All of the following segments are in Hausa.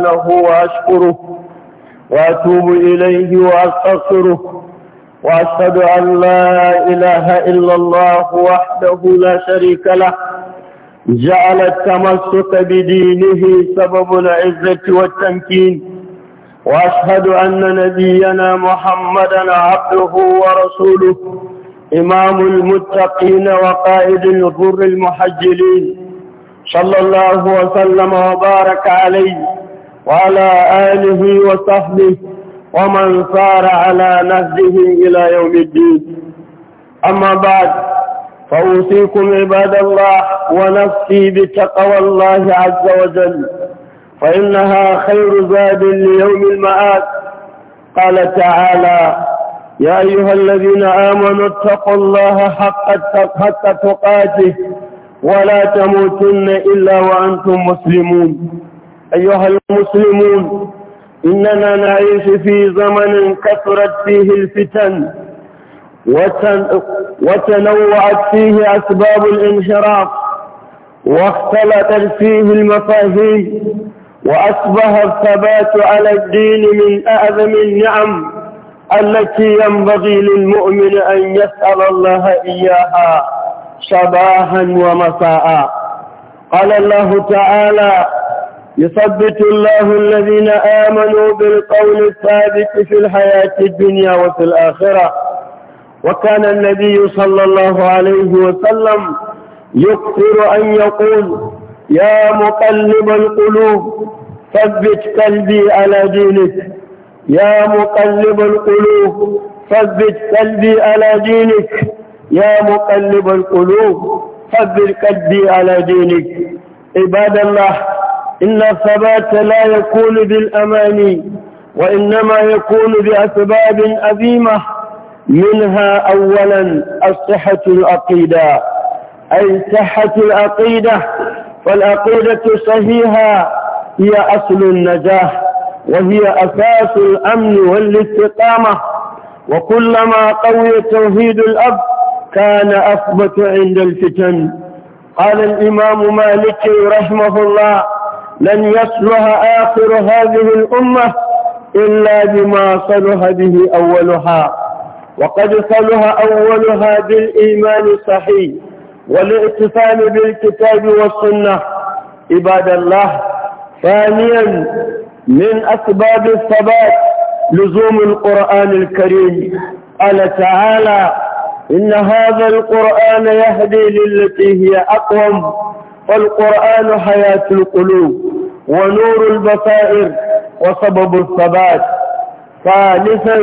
له وأشكره وأتوب إليه وأستغفره وأشهد أن لا إله إلا الله وحده لا شريك له جعل التمسك بدينه سبب العزة والتمكين وأشهد أن نبينا محمدا عبده ورسوله إمام المتقين وقائد الغر المحجلين صلى الله وسلم وبارك عليه وعلى آله وصحبه ومن صار على نهجه إلى يوم الدين أما بعد فأوصيكم عباد الله ونفسي بتقوى الله عز وجل فإنها خير زاد ليوم المآت قال تعالى يا أيها الذين آمنوا اتقوا الله حق تقاته ولا تموتن إلا وأنتم مسلمون أيها المسلمون إننا نعيش في زمن كثرت فيه الفتن وتنوعت فيه أسباب الانحراف واختلطت فيه المفاهيم وأصبح الثبات على الدين من أعظم النعم التي ينبغي للمؤمن أن يسأل الله إياها صباحا ومساء قال الله تعالى يثبت الله الذين آمنوا بالقول الثابت في الحياة الدنيا وفي الآخرة وكان النبي صلى الله عليه وسلم يكثر أن يقول يا مقلب القلوب ثبت قلبي على دينك يا مقلب القلوب ثبت قلبي على دينك يا مقلب القلوب ثبت قلبي على دينك عباد الله إن الثبات لا يكون بالأماني وإنما يكون بأسباب أذيمة منها أولا الصحة العقيدة أي صحة العقيدة فالعقيدة صحيحة هي أصل النجاح وهي أساس الأمن والاستقامة وكلما قوي توحيد الأب كان أثبت عند الفتن قال الإمام مالك رحمه الله لن يصلح آخر هذه الأمة إلا بما صلح به أولها وقد صلح أولها بالإيمان الصحيح والاعتصام بالكتاب والسنة عباد الله ثانيا من أسباب الثبات لزوم القرآن الكريم قال تعالى إن هذا القرآن يهدي للتي هي أقوم والقرآن حياة القلوب ونور البصائر وسبب الثبات ثالثا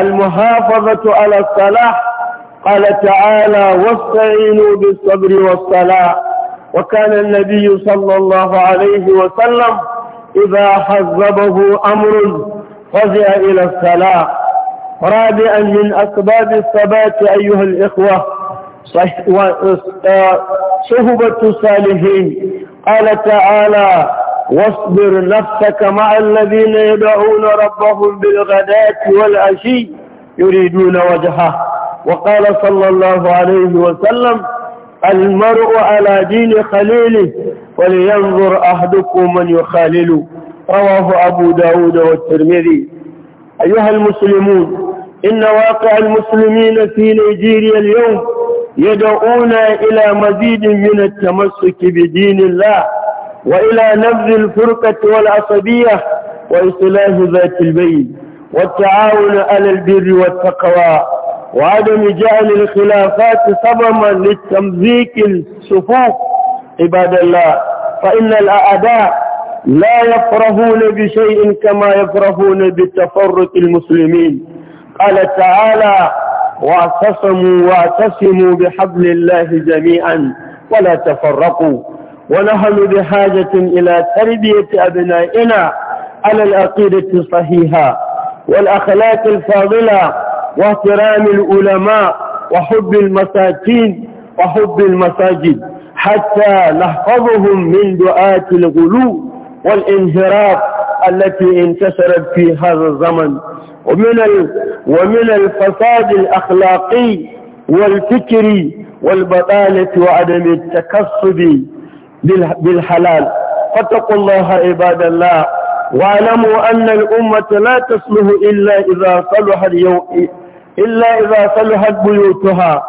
المحافظة على الصلاح قال تعالى واستعينوا بالصبر والصلاة وكان النبي صلى الله عليه وسلم إذا حذبه أمر فزع إلى الصلاة رابعا من أسباب الثبات أيها الإخوة آه، صحبة صالحين قال تعالى واصبر نفسك مع الذين يدعون ربهم بالغداة والعشي يريدون وجهه وقال صلى الله عليه وسلم المرء على دين خليله ولينظر أحدكم من يخالل رواه أبو داود والترمذي أيها المسلمون إن واقع المسلمين في نيجيريا اليوم يدعون إلى مزيد من التمسك بدين الله وإلى نبذ الفرقة والعصبية وإصلاح ذات البين والتعاون على البر والتقوى وعدم جعل الخلافات سبما للتمزيق الصفوف عباد الله فإن الأعداء لا يفرحون بشيء كما يفرحون بتفرق المسلمين قال تعالى واعتصموا واعتصموا بحبل الله جميعا ولا تفرقوا ونحن بحاجة إلى تربية أبنائنا على العقيدة الصحيحة والأخلاق الفاضلة واحترام العلماء وحب المساكين وحب المساجد حتى نحفظهم من دعاة الغلو والانحراف التي انتشرت في هذا الزمن ومن ومن الفساد الأخلاقي والفكري والبطالة وعدم التكسب بالحلال فاتقوا الله عباد الله واعلموا أن الأمة لا تصلح إلا إذا صلحت إلا إذا صلحت بيوتها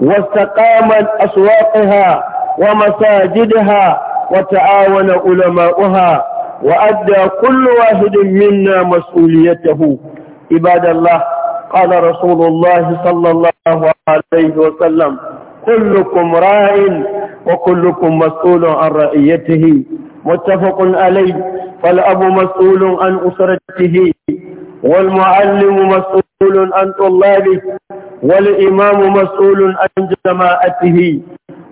واستقامت أسواقها ومساجدها وتعاون علماؤها وأدى كل واحد منا مسؤوليته عباد الله قال رسول الله صلى الله عليه وسلم كلكم راع وكلكم مسؤول عن رعيته متفق عليه فالأب مسؤول عن أسرته والمعلم مسؤول عن طلابه والإمام مسؤول عن جماعته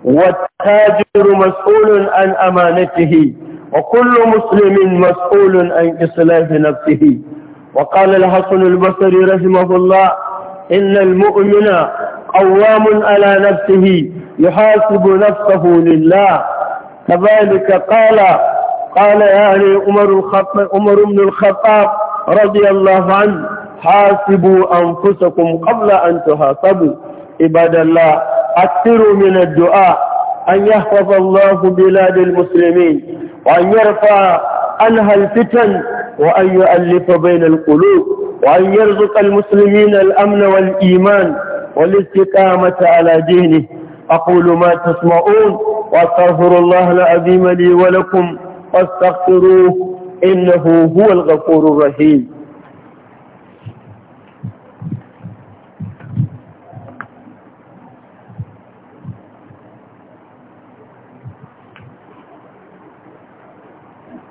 والتاجر مسؤول عن أمانته وكل مسلم مسؤول عن إصلاح نفسه وقال الحسن البصري رحمه الله إن المؤمن قوام على نفسه يحاسب نفسه لله كذلك قال قال يعني عمر عمر بن الخطاب رضي الله عنه حاسبوا أنفسكم قبل أن تحاسبوا عباد الله أكثروا من الدعاء أن يحفظ الله بلاد المسلمين وأن يرفع عنها الفتن وأن يؤلف بين القلوب وأن يرزق المسلمين الأمن والإيمان والاستقامة على دينه أقول ما تسمعون وأستغفر الله العظيم لي ولكم فاستغفروه إنه هو الغفور الرحيم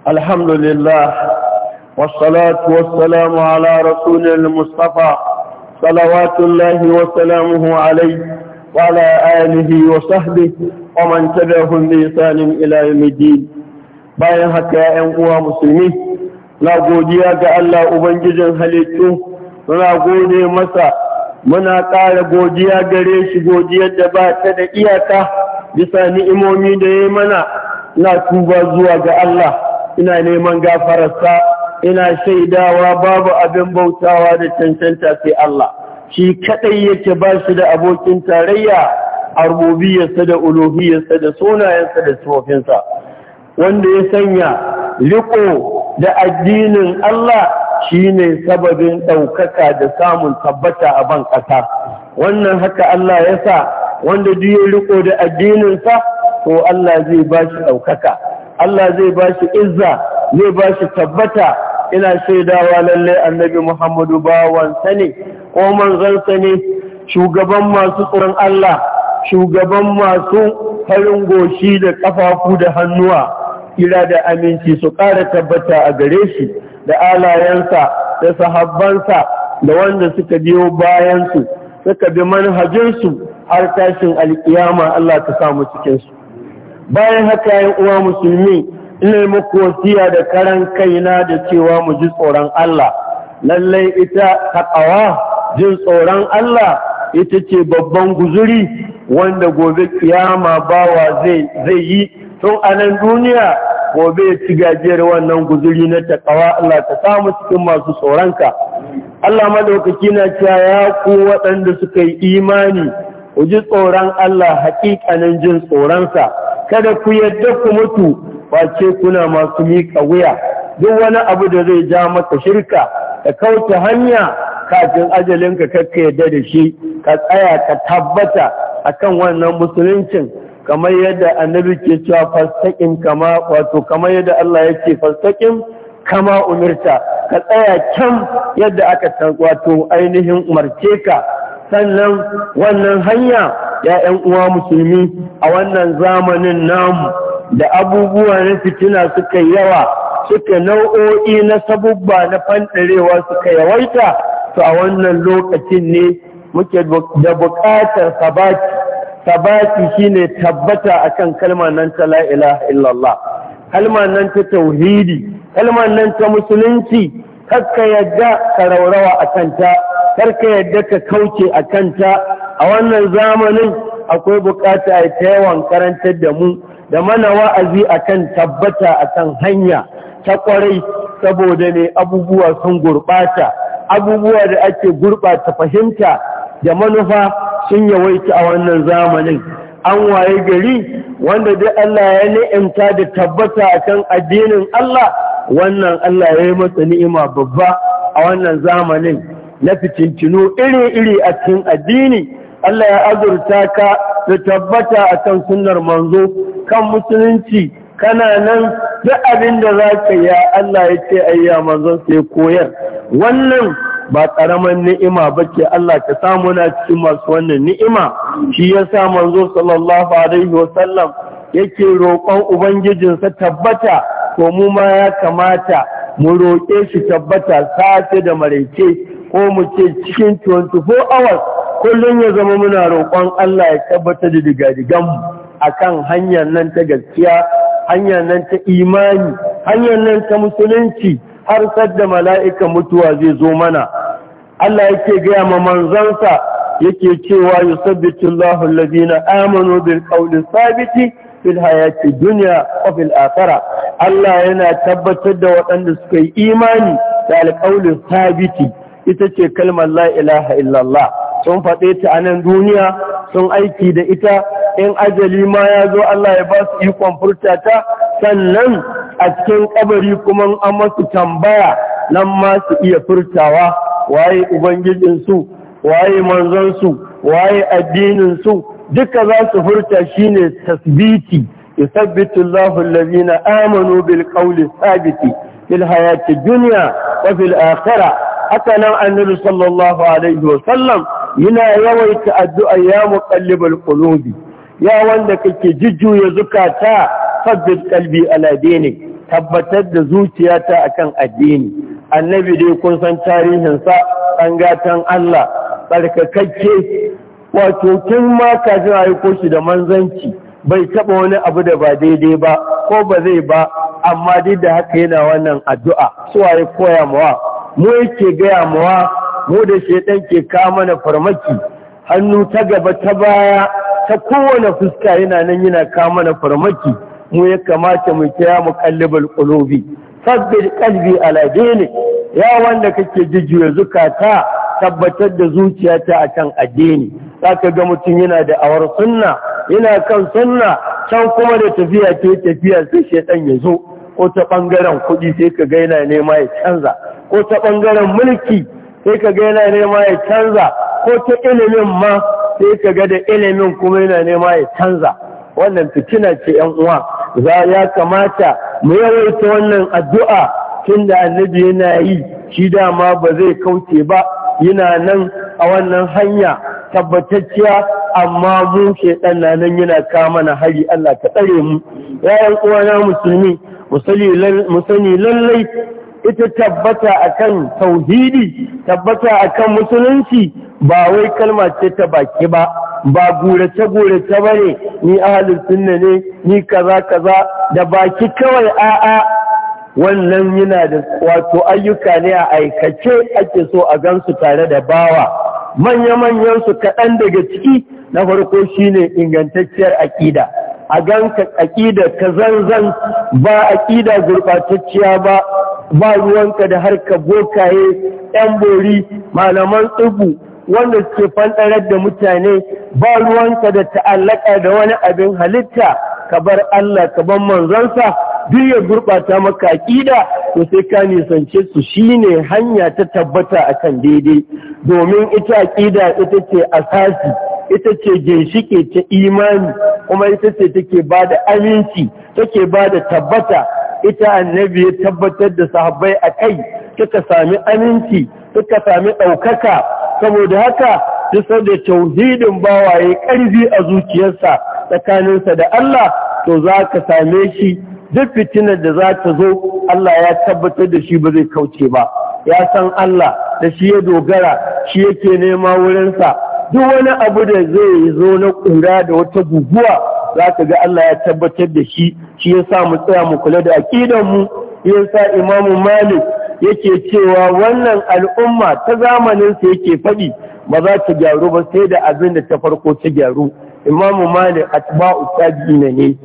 الحمد لله والصلاة والسلام على رسول المصطفى صلوات الله وسلامه عليه وعلى آله وصحبه ومن تبعهم بإحسان إلى يوم bayan haka ‘yan uwa musulmi na godiya ga Allah Ubangijin halittu muna gode masa muna ƙara godiya gare shi godiyar da ba ta da iyaka bisa ni'imomi da ya mana na tuba zuwa ga Allah ina neman gafararsa ina shaidawa babu abin bautawa da cancanta sai Allah shi kadai yake ba shi da abokin tarayya a da uluhiyarsa da sunayensa da sifofinsa wanda ya sanya riko da addinin Allah shine sababin ɗaukaka da samun tabbata a ban ƙasa wannan haka Allah ya sa wanda duk ya riko da addininsa to Allah zai ba shi daukaka Allah zai ba shi izza zai ba shi tabbata ina shaidawa lalle annabi Muhammadu bawansa ne ko manzansa ne shugaban masu tsoron Allah shugaban masu farin goshi da kafafu da hannuwa kira da aminci su ƙara tabbata a gare shi da alayensa da sahabbansa da wanda suka biyo bayan su, suka bi manhajinsu har tashin alkiyama Allah ta samu cikinsu bayan haka yin uwa musulmi ina muku wasiya da karan kaina da cewa mu ji tsoron Allah lallai ita taqawa jin tsoron Allah ita ce babban guzuri wanda gobe kiyama bawa zai zai yi tun a nan duniya gobe ya ci gajiyar wannan guzuri na taqawa Allah ta samu cikin masu tsoronka Allah madaukaki na cewa ya ku waɗanda suka yi imani ku ji tsoron Allah haƙiƙanin jin tsoronsa kada ku yadda ku mutu face kuna masu miƙa wuya duk wani abu da zai ja maka shirka ka kauce hanya kafin ajalinka kakka yadda da shi ka tsaya ka tabbata akan wannan musuluncin kamar yadda annabi ke cewa fastaƙin kama wato kamar yadda Allah ya ce fastaƙin kama umirta ka tsaya can yadda aka wato ainihin umarce ka sannan wannan hanya ya ‘yan uwa musulmi a wannan zamanin namu da abubuwa na fitina suka yawa suka nau'o'i na sabubba na fanɗarewa suka yawaita to a wannan lokacin ne muke da buƙatar sabati sabati shine tabbata akan kalmar nan ta la ilaha illallah kalmar nan ta tauhidi kalmar nan ta musulunci karka yadda ka raurawa a kanta karka yadda ka kauce a kanta a wannan zamanin akwai bukata a ta yawan karantar da mu da mana wa'azi akan tabbata akan hanya ta ƙwarai saboda ne abubuwa sun gurɓata abubuwa da ake gurɓata fahimta da manufa sun yawaita a wannan zamanin an waye gari wanda dai Allah ya ni'imta da tabbata akan addinin Allah wannan Allah ya yi masa ni'ima babba a wannan zamanin na fitintinu iri-iri a cikin addini Allah ya azurta ka da tabbata a kan sunnar manzo kan musulunci kana nan duk abin da za ka yi. Allah ya ce ayya manzo sai koyar wannan ba ƙaramin ni'ima ba ke Allah ka samu na cikin masu wannan ni'ima shi ya sa manzo sallallahu alaihi wasallam yake roƙon ubangijinsa tabbata ko mu ma ya kamata mu roƙe shi tabbata safe da maraice ko mu ce cikin 24 hours kullum ya zama muna roƙon Allah ya tabbatar da digadiganmu a kan hanyar nan ta gaskiya hanyar nan ta imani hanyar nan ta musulunci har sadda mala'ikan mutuwa zai zo mana Allah yake gaya ma manzansa yake cewa Yusuf Allahu allazina amanu bil ƙaunin sabiti fil hayati duniya a fil Allah yana tabbatar da waɗanda suka yi imani da alƙaunin sabiti ita ce kalmar La'ilaha illallah sun faɗe ta a nan duniya sun aiki da ita in ajali ma ya zo Allah ya ba su ikon furta ta sannan a cikin kabari kuma an masu tambaya nan ma su iya furtawa waye ubangijinsu waye manzansu waye addininsu duka za su furta shine tasbiti yusabbitu Allahu allazina amanu bil qawli sabiti fil hayati dunya wa fil akhirah haka nan annabi sallallahu alaihi wa sallam yana yawaita addu'a ya muqallibal qulubi ya wanda kake jujjuya zukata sabbin ƙalbi a tabbatar da zuciyata kan addini annabi dai kun san tarihinsa sa gatan Allah ɓarkakakke, wato kin ma kafin aiko shi da manzanci bai taɓa wani abu da ba daidai ba ko ba zai ba amma duk da haka yana wannan addu'a suwaye koya mawa mu yake gaya mawa mu da shaidan ke kama na farmaki hannu ta gaba ta baya ta kowane fuska yana nan yana kama na farmaki mu ya kamata mu kira mu kallibal qulubi sabbir qalbi ala dini ya wanda kake jujjuya zukata tabbatar da zuciyata akan addini zaka ga mutum yana da awar sunna yana kan sunna can kuma da tafiya ke tafiya sai shaidan ya zo ko ta ɓangaren kuɗi sai ka gaina nema ya canza ko ta ɓangaren mulki sai ka ga yana nema ya canza ko ta ilimin ma sai ka ga da ilimin kuma yana nema ya canza wannan fitina ce yan uwa za ya kamata mu yawaita wannan addu'a tun da annabi yana yi shi dama ba zai kauce ba yana nan a wannan hanya tabbatacciya amma mu ke na nan yana kama na hari Allah ka tsare mu yayan uwana musulmi mu sani lallai ita tabbata akan tauhidi tabbata akan musulunci ba wai kalma ce ta baki ba ba gurace gurace bane ni ahalin sunna ne ni kaza kaza da baki kawai a'a wannan yana da wato ayyuka ne a aikace ake so a gansu tare da bawa manya manyan su kaɗan daga ciki na farko shine ingantacciyar aƙida a ganka aƙida ka zanzan ba aƙida gurɓatacciya ba ba ruwanka da harka bokaye yan bori malaman tsibu wanda suke fanɗarar da mutane ba ruwanka da ta'allaka da wani abin halitta ka bar Allah ka bar manzansa duk ya gurɓata maka aƙida to sai ka nisance su shine hanya ta tabbata akan daidai domin ita aƙida ita ce asasi ita ce ginshike ta imani kuma ita ce take ba da aminci take ba da tabbata ita annabi ya tabbatar da sahabbai a kai suka sami aminci suka sami ɗaukaka saboda haka duk da tauhidin bawaye ƙarfi a zuciyarsa tsakaninsa da Allah to za ka same shi duk fitinar da za ta zo Allah ya tabbatar da shi ba zai kauce ba ya san Allah da shi ya dogara shi yake nema wurinsa duk wani abu da zai zo na ƙura da wata guguwa za ka ga Allah ya tabbatar da shi shi ya sa mu tsaya mu kula da aƙidanmu ya sa imamu malik yake cewa wannan al'umma ta zamaninsa yake faɗi ba za ta gyaru ba sai da abin da ta farko ta gyaru imamu malik atba'u tabi'ina ne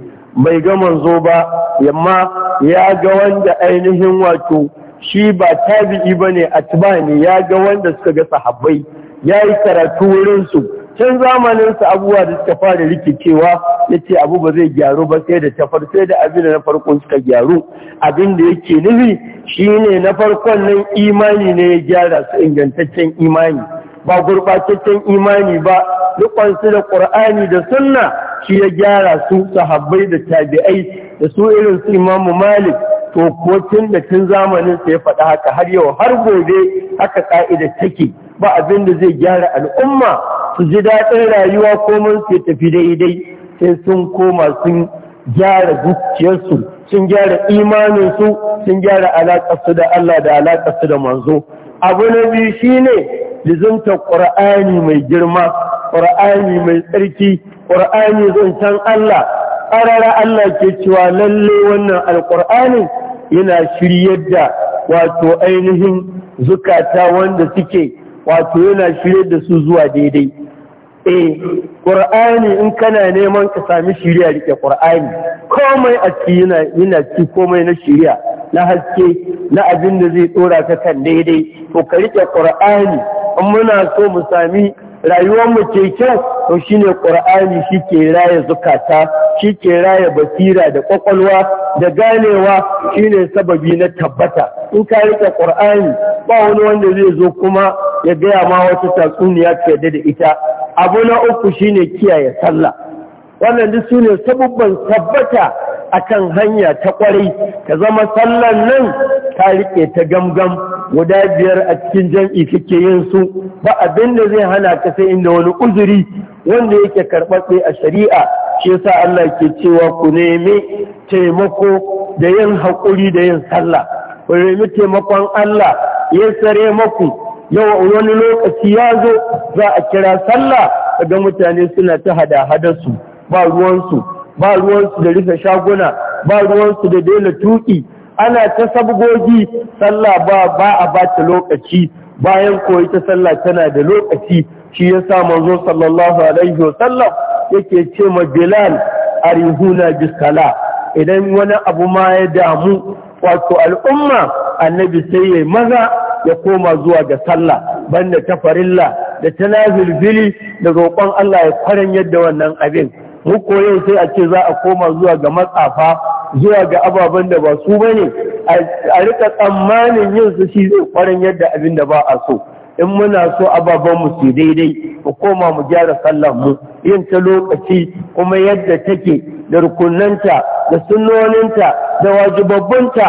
bai ga manzo ba yamma ya ga wanda ainihin wato shi ba tabi'i bane atba ne ya ga wanda suka ga sahabbai ya yi karatu wurinsu can zamaninsu abubuwa da suka fara rikicewa ya ce abu ba zai gyaru ba sai da tafar sai da abin da na farkon suka gyaru abin da yake nufi shine na farkon nan imani ne ya gyara su ingantaccen imani ba gurɓataccen imani ba rikonsu da ƙur'ani da sunna shi ya gyara su sahabbai da tabi'ai da su irin su imamu malik to ko tun da tun zamanin sa ya faɗa haka har yau har gobe haka ka'ida take ba abin da zai gyara al'umma su ji daɗin rayuwa ko mun su tafi daidai sai sun koma sun gyara zuciyarsu sun gyara imaninsu sun gyara alaƙarsu da Allah da alaƙarsu da manzo abu na biyu shine lizinta ƙur'ani mai girma ƙur'ani mai tsarki ƙur'ani zancen Allah ƙarara Allah ke cewa lalle wannan Alƙur'ani yana shiryar da wato ainihin zukata wanda suke wato yana shirye da su zuwa daidai E, qur'ani in kana neman ka sami shiriya rike ƙur'ani. komai a ci yana ci komai na shirya na haske na abin da zai dora ka kan daidai to ka rike ƙur'ani in muna so mu sami rayuwar mu ke kyau to shine ƙur'ani shike ke raya zukata shi ke raya basira da ƙwaƙwalwa da ganewa shine sababi na tabbata in ka rike ƙur'ani ba wani wanda zai zo kuma ya gaya ma wata tatsuniya ka yadda da ita abu na uku shine kiyaye sallah wannan duk sune sababban tabbata akan hanya ta kwarai ka zama sallan nan ka rike ta gamgam guda biyar a cikin jam'i kake yin su ba abin da zai hana ka sai inda wani uzuri wanda yake karɓaɓɓe a shari'a shi sa Allah ke cewa ku nemi taimako da yin haƙuri da yin sallah ku nemi taimakon Allah ya sare maku yau wani lokaci ya zo za a kira sallah ga mutane suna ta hada su ba ruwansu ba ruwansu da rufe shaguna ba ruwansu da daina tuƙi ana ta sabgogi sallah ba ba a bata lokaci bayan koyi ta sallah tana da lokaci shi yasa manzo sallallahu alaihi wasallam yake ce ma Bilal arihuna bisala idan wani abu ma ya damu wato al'umma annabi sai yayi maza ya koma zuwa ga sallah banda ta farilla da ta nazilbili da roƙon Allah ya faran yadda wannan abin mu koyo sai a ce za a koma zuwa ga matsafa zuwa ga ababen da ba su bane a rika tsammanin yin su shi zai kwarin yadda abin da ba a so in muna so ababen mu su daidai mu koma mu gyara sallar mu yin ta lokaci kuma yadda take da rukunanta da sunnoninta da wajibabbunta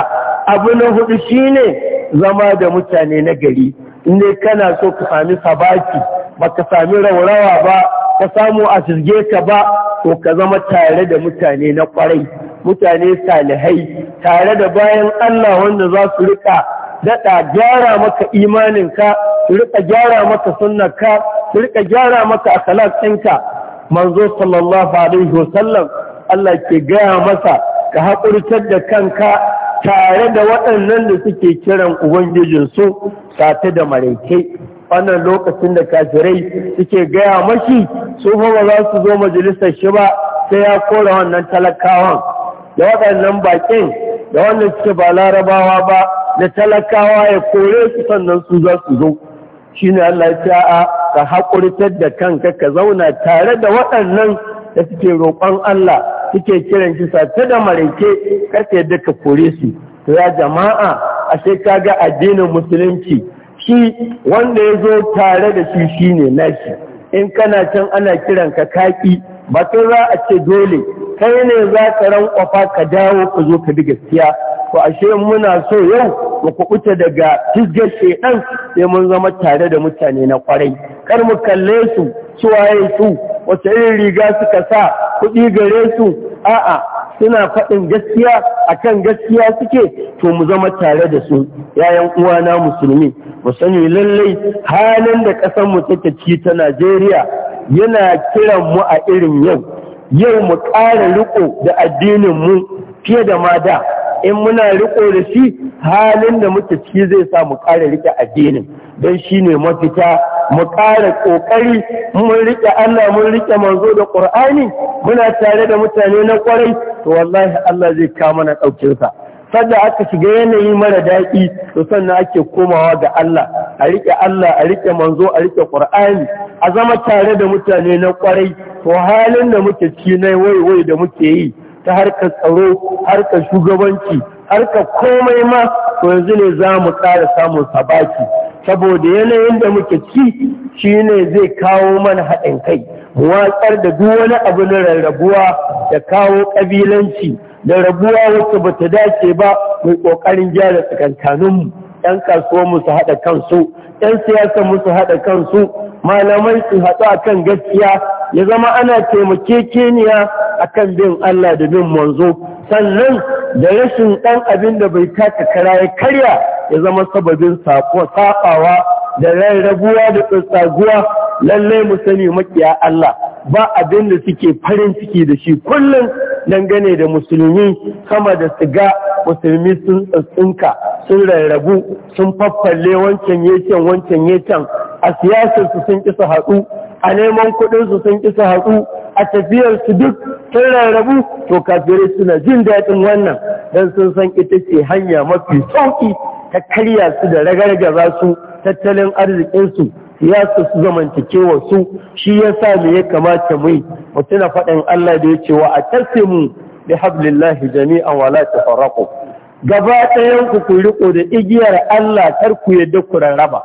abu na hudu shine zama da mutane na gari in dai kana so ka sami sabaki baka sami raurawa ba ka samu a sirge ka ba ko ka zama tare da mutane na kwarai mutane salihai tare da bayan Allah wanda za su rika daɗa gyara maka imaninka su rika gyara maka sunanka, su rika gyara maka akalat manzo sallallahu alaihi wasallam Allah ke gaya masa ka haƙurtar da kanka tare da waɗannan da suke kiran ubangijinsu sate da maraikai wannan lokacin da kafirai suke gaya mashi su fa ba za su zo majalisar shi ba sai ya kora wannan talakawan da waɗannan bakin da wannan suke ba larabawa ba da talakawa ya kore su sannan su za su zo shi ne Allah ya a ka haƙuritar da kanka ka zauna tare da waɗannan da suke roƙon Allah suke kiran shi sata da mareke karka yadda ka kore su to ya jama'a ashe ga addinin musulunci shi wanda ya zo tare da shi shi ne nashi in kana can ana kiran ka kaki batun za a ce dole kai ne za ka ran rankwafa ka dawo ka zo ka bi gaskiya to ashe muna so yau mu kuɓuta daga fisgar shedan sai mun zama tare da mutane na kwarai kar mu kalle su suwaye su wace irin riga suka sa kuɗi gare su a'a suna faɗin gaskiya akan gaskiya suke to mu zama tare da su yayan uwana musulmi mu sani lallai halin da ƙasar mu take ci ta Najeriya yana kiran mu a irin yau yau mu ƙara riko da addinin mu fiye da ma da in muna riko da shi halin da muke ciki zai sa mu ƙara rike addinin don shi ne mafita mu ƙara ƙoƙari mun rike Allah mun rike manzo da ƙur'ani muna tare da mutane na ƙwarai to wallahi Allah zai kama na sa sadda aka shiga yanayi mara daɗi to sannan ake komawa ga Allah a rike Allah a rike manzo a rike ƙur'ani a zama tare da mutane na kwarai to halin da muke ci na waiwai da muke yi ta harkar tsaro harkar shugabanci harkar komai ma to yanzu ne za mu ƙara samun sabaki saboda yanayin da muke ci shi ne zai kawo mana haɗin kai mu watsar da duk wani abu na rarrabuwa da kawo ƙabilanci da rabuwa wacce ba ta dace ba mai ƙoƙarin gyara tsakankaninmu ‘yan kasuwa su haɗa kansu ‘yan siyasa musu haɗa kansu malamai su haɗu akan gaskiya ya zama ana taimakekeniya kan bin Allah da bin manzo sannan da rashin ɗan abin da bai taka kara ya karya ya zama sababin saƙawa da rarrabuwa da tsatsaguwa lallai mu sani makiya Allah ba abin da suke farin ciki da shi kullum dangane da musulmi sama da siga musulmi sun tsinka sun rarrabu sun faffalle wancan yakin wancan yakin a siyasar su sun kisa su a neman su sun kisa su haɗu a su duk sun rarrabu to kafirai suna jin daɗin wannan don sun san ita ce hanya mafi sauƙi ta karya su da ragargaza su tattalin arzikinsu siyasa su zamantakewa su shi ya sa me ya kamata mu mu tuna faɗin Allah da ya ce wa atasimu bi hablillahi jami'an wa la tafarraqu gaba ɗayan ku ku riko da igiyar Allah kar ku yadda ku rarraba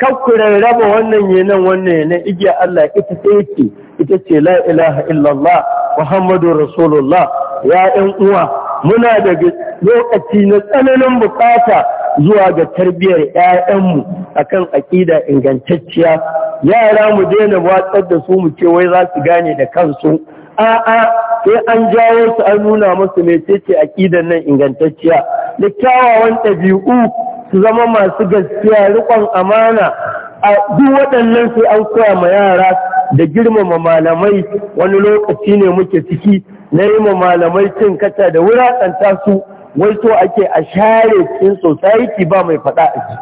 ku raba wannan yanan wannan yanan igiya Allah ita sai ke ita ce la ilaha illallah muhammadu rasulullah ya yan uwa muna daga lokaci na tsananin bukata zuwa ga tarbiyyar ƴaƴanmu akan aƙida ingantacciya yara mu daina watsar da su mu ce wai za su gane da kansu a'a sai an jawo su an nuna musu mecece aƙidan nan ingantacciya da kyawawan ɗabi'u su zama masu gaskiya rikon amana a duk waɗannan sai an koya ma yara da girmama malamai wani lokaci ne muke ciki na yi ma malamai cin kata da wuraƙanta su wai to ake a share cikin society ba mai faɗa a ji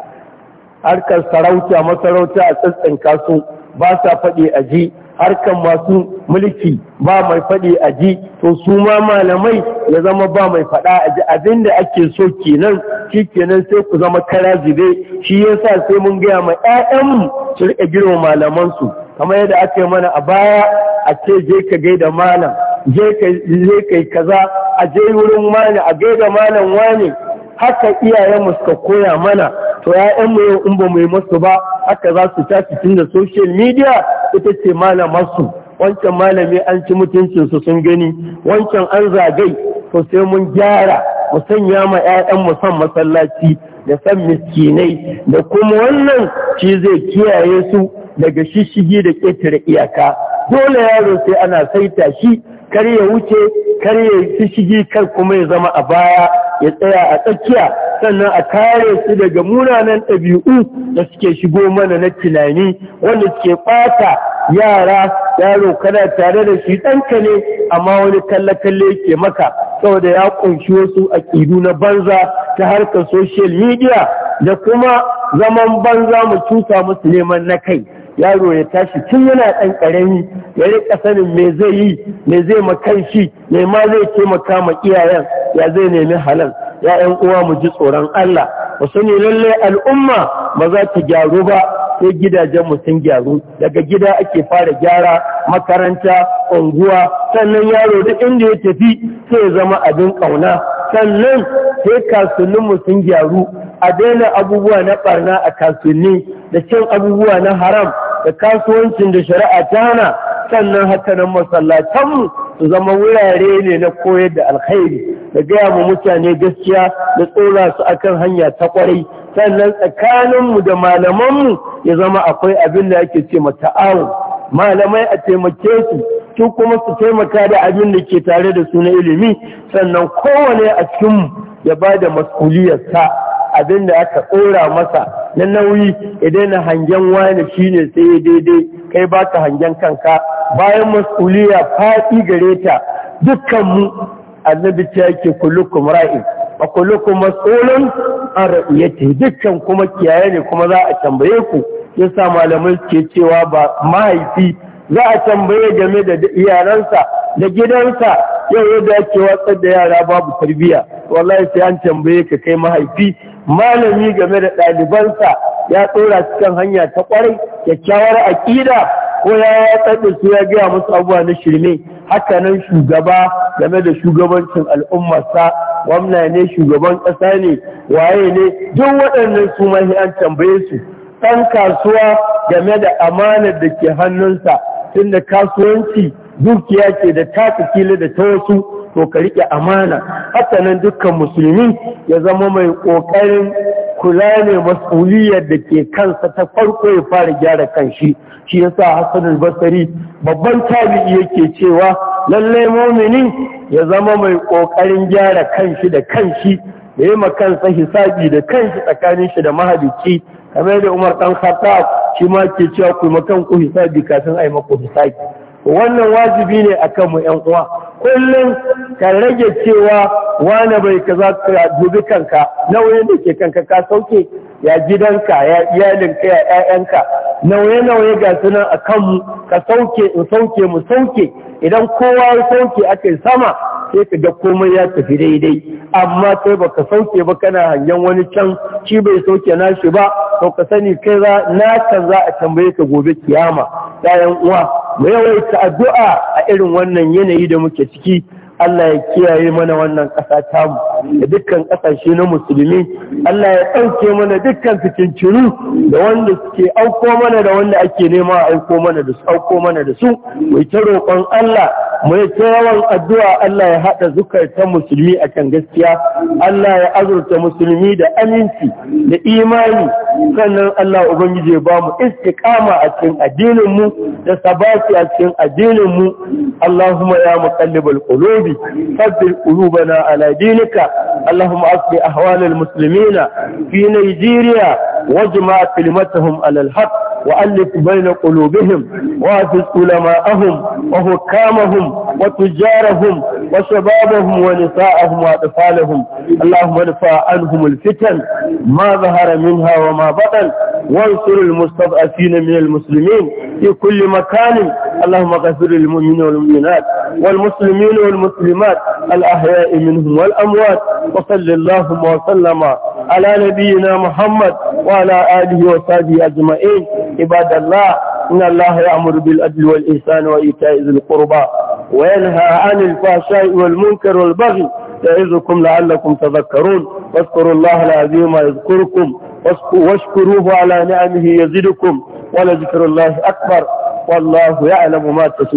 harkar sarauta masarauta a tsatsin su ba sa faɗi a ji harkan masu mulki ba mai faɗi a ji to su ma malamai ya zama ba mai faɗa a ji abin da ake so kenan shi kenan sai ku zama kara zube shi yasa sai mun gaya ma 'ya'yanmu su riƙa girma malamansu kamar yadda aka mana a baya a ce je ka gaida malam je ka kai kaza a je wurin malam a gaida malam wani haka iyayenmu suka koya mana to 'ya'yanmu yau in ba mu yi musu ba haka za su tashi tun da social media ita ce malamarsu wancan malami an ci mutuncinsu sun gani wancan an zagai to sai mun gyara mu sanya ma 'ya'yan mu san masallaci da san miskinai da kuma wannan shi zai kiyaye su daga shishigi da ƙetare iyaka dole yaro sai ana saita shi kar ya wuce kar ya shigi kar kuma ya zama a baya ya tsaya a tsakiya sannan a kare su daga munanan ɗabi'u da suke shigo mana na tunani wanda suke ɓata yara yaro kana tare da shi ɗanka ne amma wani kalle-kalle yake maka saboda ya ƙunshi wasu aƙidu na banza ta harkar social media da kuma zaman banza mu cusa musu neman na kai yaro ya tashi tun yana ɗan ƙarami ya riƙa sanin me zai yi me zai makan shi me ma zai taimaka ma iyayen ya zai nemi halar. ya ƴan uwa mu ji tsoron Allah ba ne lalle al'umma ba za ta gyaru ba sai gidajen mu sun gyaru daga gida ake fara gyara makaranta unguwa sannan yaro duk inda ya tafi sai ya zama abin ƙauna sannan sai kasuwannin mu sun gyaru a daina abubuwa na barna a kasuwanni da cin abubuwa na haram da kasuwancin da shari'a ta hana sannan haka nan masallatanmu su zama wurare ne na koyar da alkhairi da gaya mu mutane gaskiya da tsola su akan hanya ta kwarai sannan tsakaninmu da malamanmu ya zama akwai abin da yake ce mata'awun malamai a taimake su su kuma su taimaka da abin da ke tare da su na ilimi sannan kowane a cikinmu ya ba da masuliyarsa abin da aka ɗora masa na nauyi idan hangen wani shine sai ya daidai kai baka hangen kanka bayan masuliya faɗi gare ta dukkan mu annabi ta yake kullukum ra'in wa kullukum mas'ulun an ra'iyati dukkan kuma kiyaye ne kuma za a tambaye ku yasa malamai ke cewa ba mahaifi za a tambaye game da iyalansa da gidansa yau yadda ake watsar da yara babu tarbiyya wallahi sai an tambaye ka kai mahaifi malami game da ɗalibansa ya tsora cikin hanya ta kwarai kyakkyawar aƙida ko ya watsar da su ya gaya musu abubuwa na shirme haka nan shugaba game da shugabancin al'ummarsa gwamna ne shugaban ƙasa ne waye ne duk waɗannan su mahi an tambaye su ɗan kasuwa game da amanar da ke hannunsa tun da kasuwanci dukiya ke da tasu kila da ta wasu to ka riƙe amana haka nan dukkan musulmi ya zama mai ƙoƙarin kula ne masuliyar da ke kansa ta farko ya fara gyara kanshi shi ya Hassan al babban tabi'i yake cewa lallai mu'mini ya zama mai ƙoƙarin gyara kanshi da kanshi da yi kansa hisabi da kanshi tsakanin shi da mahalicci kamar da Umar dan Khattab shi ma ke cewa ku makan ku hisabi kafin a yi maku hisabi wannan wajibi ne a kanmu ‘yan uwa kullum ka rage cewa wane bai ka za ka dubi kanka nauyin da ke kanka ka sauke ya gidanka ya iyalinka ya ‘ya'yanka nauye-nauye ga sunan a kanmu ka sauke in sauke mu sauke idan kowa ya sauke aka yi sama sai ka ga komai ya tafi daidai amma sai baka sauke ba kana hangen wani can shi bai sauke nashi ba to ka sani kai za na kan za a tambaye ka gobe kiyama 'ya'yan uwa mu yawaita addu'a a irin wannan yanayi da muke ciki Allah ya kiyaye mana wannan ƙasa tamu da dukkan ƙasashe na musulmi Allah ya ɗauke mana dukkan fitincinu da wanda suke auko mana da wanda ake nema auko mana da su auko mana da su mai ta roƙon Allah mai ta yawan addu'a Allah ya haɗa zukarta musulmi a kan gaskiya Allah ya azurta musulmi da aminci da imani sannan Allah ubangiji ya bamu istiqama a cikin addinin mu da sabati a cikin addinin mu Allahumma ya muqallibal qulub القلوب ثبت قلوبنا على دينك اللهم أصل أهوال المسلمين في نيجيريا واجمع كلمتهم على الحق وألف بين قلوبهم وافز علماءهم وحكامهم وتجارهم وشبابهم ونساءهم وأطفالهم اللهم ادفع عنهم الفتن ما ظهر منها وما بطن وانصر المستضعفين من المسلمين في كل مكان اللهم غفر للمؤمنين والمؤمنات والمسلمين والمسلمات الأحياء منهم والأموات وصل اللهم وسلم على نبينا محمد وعلى آله وصحبه أجمعين عباد الله إن الله يأمر بالعدل والإحسان وإيتاء ذي القربى وينهى عن الفحشاء والمنكر والبغي يعظكم لعلكم تذكرون واذكروا الله العظيم يذكركم واشكروه على نعمه يزدكم ولذكر الله أكبر والله يعلم ما تصنعون